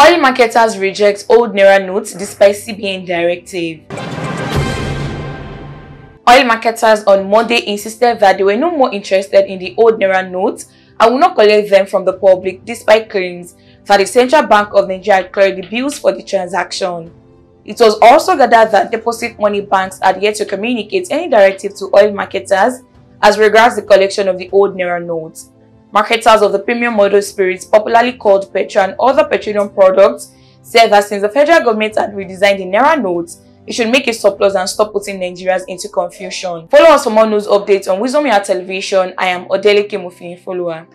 Oil marketers reject old Naira notes despite CBN directive. Oil marketers on Monday insisted that they were no more interested in the old Naira notes and will not collect them from the public despite claims that the Central Bank of Nigeria cleared the bills for the transaction. It was also gathered that deposit money banks had yet to communicate any directive to oil marketers as regards the collection of the old Naira notes. Marketers of the premium model spirits, popularly called Petra and other petroleum products, said that since the federal government had redesigned the Naira notes, it should make a surplus and stop putting Nigerians into confusion. Follow us for more news updates on Wisdom Television. I am Odele Kemufi Follower.